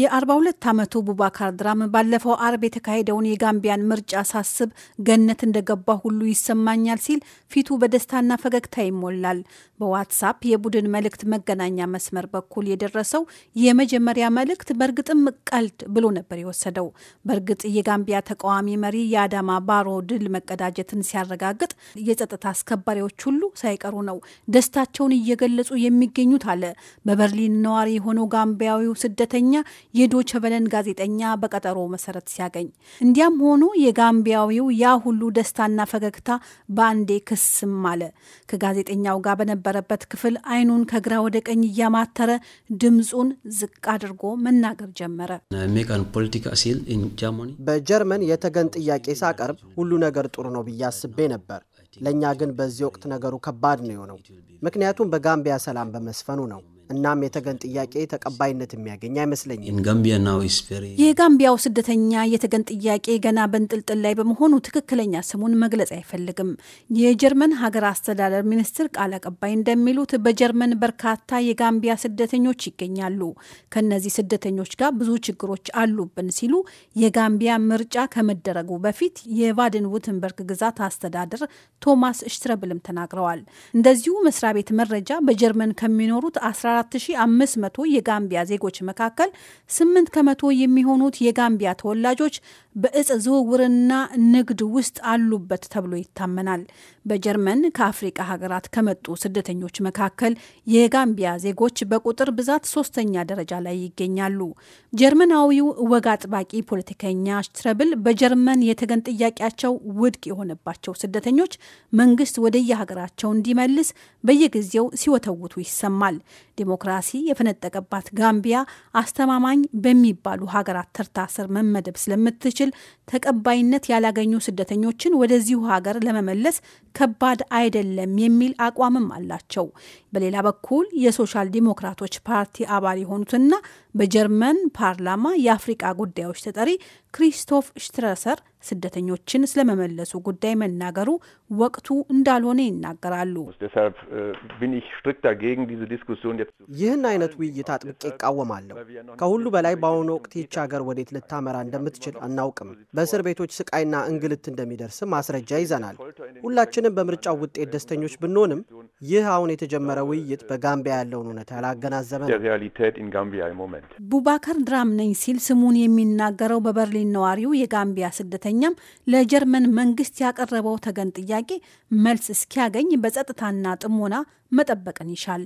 የ42 ዓመቱ ቡባካር ድራም ባለፈው አርብ የተካሄደውን የጋምቢያን ምርጫ ሳስብ ገነት እንደገባ ሁሉ ይሰማኛል ሲል ፊቱ በደስታና ፈገግታ ይሞላል። በዋትሳፕ የቡድን መልእክት መገናኛ መስመር በኩል የደረሰው የመጀመሪያ መልእክት በእርግጥም ቀልድ ብሎ ነበር የወሰደው። በእርግጥ የጋምቢያ ተቃዋሚ መሪ የአዳማ ባሮ ድል መቀዳጀትን ሲያረጋግጥ የጸጥታ አስከባሪዎች ሁሉ ሳይቀሩ ነው ደስታቸውን እየገለጹ የሚገኙት አለ በበርሊን ነዋሪ የሆነው ጋምቢያዊው ስደተኛ የዶቸ ጋዜጠኛ በቀጠሮ መሰረት ሲያገኝ። እንዲያም ሆኖ የጋምቢያዊው ያ ሁሉ ደስታና ፈገግታ በአንዴ ክስም አለ። ከጋዜጠኛው ጋር በነበረበት ክፍል አይኑን ከግራ ወደ ቀኝ እያማተረ ድምፁን ዝቅ አድርጎ መናገር ጀመረ። በጀርመን የተገን ጥያቄ ሳቀርብ ሁሉ ነገር ጥሩ ነው ብዬ አስቤ ነበር። ለእኛ ግን በዚህ ወቅት ነገሩ ከባድ ነው የሆነው፣ ምክንያቱም በጋምቢያ ሰላም በመስፈኑ ነው። እናም የተገን ጥያቄ ተቀባይነት የሚያገኝ አይመስለኝም። የጋምቢያው ስደተኛ የተገን ጥያቄ ገና በንጥልጥል ላይ በመሆኑ ትክክለኛ ስሙን መግለጽ አይፈልግም። የጀርመን ሀገር አስተዳደር ሚኒስትር ቃል አቀባይ እንደሚሉት በጀርመን በርካታ የጋምቢያ ስደተኞች ይገኛሉ። ከነዚህ ስደተኞች ጋር ብዙ ችግሮች አሉብን ሲሉ የጋምቢያ ምርጫ ከመደረጉ በፊት የቫድን ውትንበርግ ግዛት አስተዳደር ቶማስ ሽትረብልም ተናግረዋል። እንደዚሁ መስሪያ ቤት መረጃ በጀርመን ከሚኖሩት 14 4500 የጋምቢያ ዜጎች መካከል 8 ከመቶ የሚሆኑት የጋምቢያ ተወላጆች በእጽ ዝውውርና ንግድ ውስጥ አሉበት ተብሎ ይታመናል። በጀርመን ከአፍሪቃ ሀገራት ከመጡ ስደተኞች መካከል የጋምቢያ ዜጎች በቁጥር ብዛት ሶስተኛ ደረጃ ላይ ይገኛሉ። ጀርመናዊው ወግ አጥባቂ ፖለቲከኛ ሽትረብል በጀርመን የተገን ጥያቄያቸው ውድቅ የሆነባቸው ስደተኞች መንግስት ወደየሀገራቸው እንዲመልስ በየጊዜው ሲወተውቱ ይሰማል። ዲሞክራሲ የፈነጠቀባት ጋምቢያ አስተማማኝ በሚባሉ ሀገራት ተርታ ስር መመደብ ስለምትችል ተቀባይነት ያላገኙ ስደተኞችን ወደዚሁ ሀገር ለመመለስ ከባድ አይደለም የሚል አቋምም አላቸው። በሌላ በኩል የሶሻል ዲሞክራቶች ፓርቲ አባል የሆኑትና በጀርመን ፓርላማ የአፍሪቃ ጉዳዮች ተጠሪ ክሪስቶፍ ሽትረሰር ስደተኞችን ስለመመለሱ ጉዳይ መናገሩ ወቅቱ እንዳልሆነ ይናገራሉ። äh, ይህን አይነት ውይይት አጥብቄ ይቃወማለሁ ከሁሉ በላይ በአሁኑ ወቅት ይች ሀገር ወዴት ልታመራ እንደምትችል አናውቅም። በእስር ቤቶች ስቃይና እንግልት እንደሚደርስ ማስረጃ ይዘናል። ሁላችንም በምርጫው ውጤት ደስተኞች ብንሆንም ይህ አሁን የተጀመረ ውይይት በጋምቢያ ያለውን እውነት ያላገናዘበ ነው። ቡባከር ድራም ነኝ ሲል ስሙን የሚናገረው በበርሊን ነዋሪው የጋምቢያ ስደተኛም ለጀርመን መንግስት ያቀረበው ተገን ጥያቄ መልስ እስኪያገኝ በጸጥታና ጥሞና መጠበቅን ይሻል።